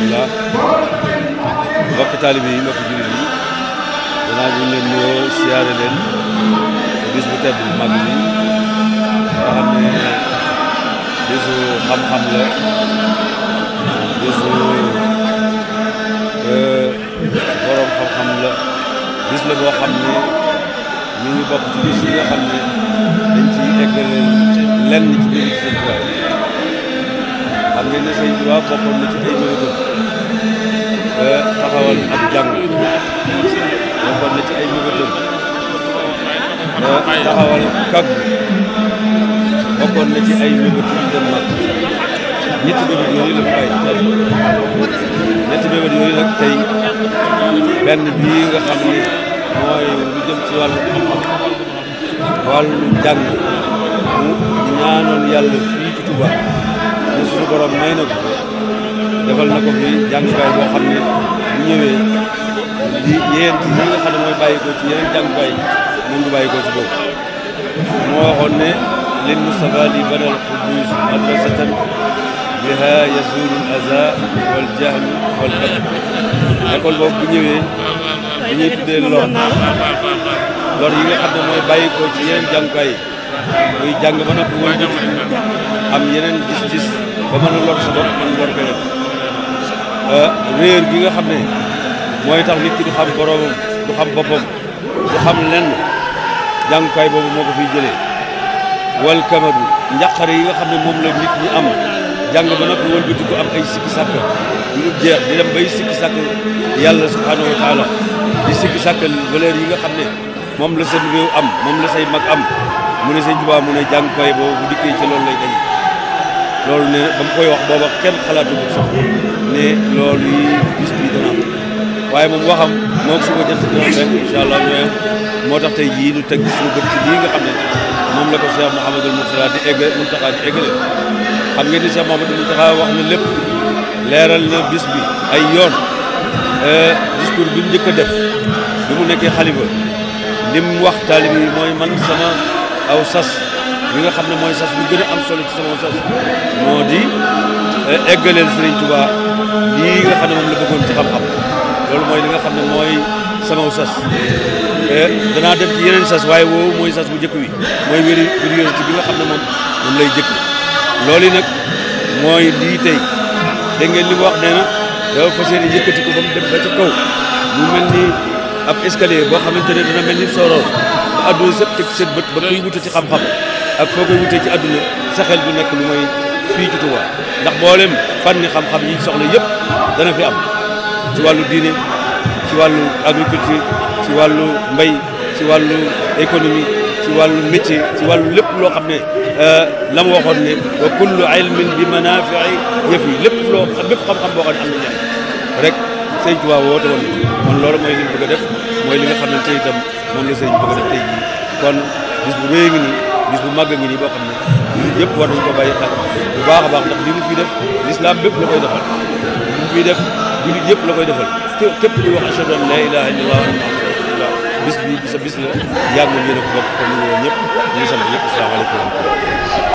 rahmatullah mbokk taalibe yi mbokk jullit yi danaa bu ñu leen nuyoo siyaare leen bis bu tedd bu mag bi nga xam ne bisu xam-xam la bisu borom xam-xam la bis la boo xam ne ñu ngi bokk ci bis yi nga xam ne dañ ci eggale lenn ci biir seen tubaab xam ngeen ne seen tubaab bokkoon na ci ay mérite ba taxawal ak jàng bokkoon na ci ay mébétam ba ci ay mébétu yu ñetti mébét yooyu nag tey benn bii nga xam ni mooy lu jëm ci wàllu xam-xam mu ñaanoon yàlla fii ci Touba te may na defal na ko fi jàngukaay boo xam ne bu ñëwee li nga mooy bàyyi ko ci yeneen jàngukaay moom du ci boobu yi nga xam ne mooy bàyyi ci yeneen jàngukaay muy jàng ba noppi wëlbati am yeneen gis-gis ba mën a lor sa bopp mën lor beneen Euh, réer gi nga xam ne mooy tax nit ki du xam boroomam du xam boppam du xam lenn jàngukaay boobu moo ko fiy jëlee wal kamadu njàqare yi nga xam ne moom la nit ñi am jàng ba noppi wëlbati ko am ay sikki sàkk yu jeex di dem bay sikki sàkk yàlla subhaanahu wa taala di sikki sàkk valeur yi nga xam ne moom la sa réew am moom la say mag am mu ne seen jubaa mu ne jàngukaay boobu bu dikkee ci loolu lay dañ loolu nee na ba mu koy wax booba kenn xalaatugul sax ne loolu yi bis bi dana am waaye moom waxam moom suba jant dana am rek incha allah ñooy moo tax tey jii ñu teg suñu bët ci lii nga xam ne moom la ko Cheikh Mouhamadul Mourtada di egg Mountakha di eggale xam ngeen ni Cheikh Mouhamadul Mourtada wax na lépp leeral na bis bi ay yoon discours bi mu njëkk a def bi mu nekkee xalifa lim wax taalib yi mooy man sama aw sas bi nga xam ne mooy sas bu gën a am solo ci sama sas moo di eh, eggaleel Serigne Touba lii nga xam ne moom la bëggoon ci xam-xam loolu mooy li nga xam ne mooy sama sas eh, danaa def ci yeneen sas waaye woowu mooy sas bu njëkk wi mooy wéri wéri yonent bi nga xam ne moom moom lay jëkk loolu yi nag mooy lii tey dégg ngeen li wax nee na dafa fas yéene yëkkati ba mu dem ba ca kaw mu mel ni ab escalier boo xamante ne dana mel ni soroor ba àdduna sëpp teg seen bët ba kuy wuta ci xam ak foo ko wutee ci àdduna sa xel du nekk lu mooy fii ci Tuubaa ndax mboolem fànni xam-xam yi soxla yëpp dana fi am ci wàllu diine ci wàllu agriculture ci wàllu mbay ci wàllu économie ci wàllu métier ci wàllu lépp loo xam ne la mu waxoon ne wa kullu ilmin bi manafii yëf yi lépp loo bépp xam-xam boo xam ne am na njëriñ rek sëñ Tuubaa woote woon kon loolu mooy li mu bëgg a def mooy li nga xam ne tey itam moom la sëñ bëgg a def tey jii kon bis bu rëy ngi nii bis bu màgg ngi ni boo xam ne yëpp war nañu ko bàyyi xel bu baax a baax ndax li mu fiy def lislaam bépp la koy defal li mu fiy def jullit yëpp la koy defal képp kuy wax ashhadu an laa ilaaha illallaah bis bi sa bis la yàgg na yéen a ko bokk comme ni ñëpp ñu ngi sant ñëpp asalaamaaleykum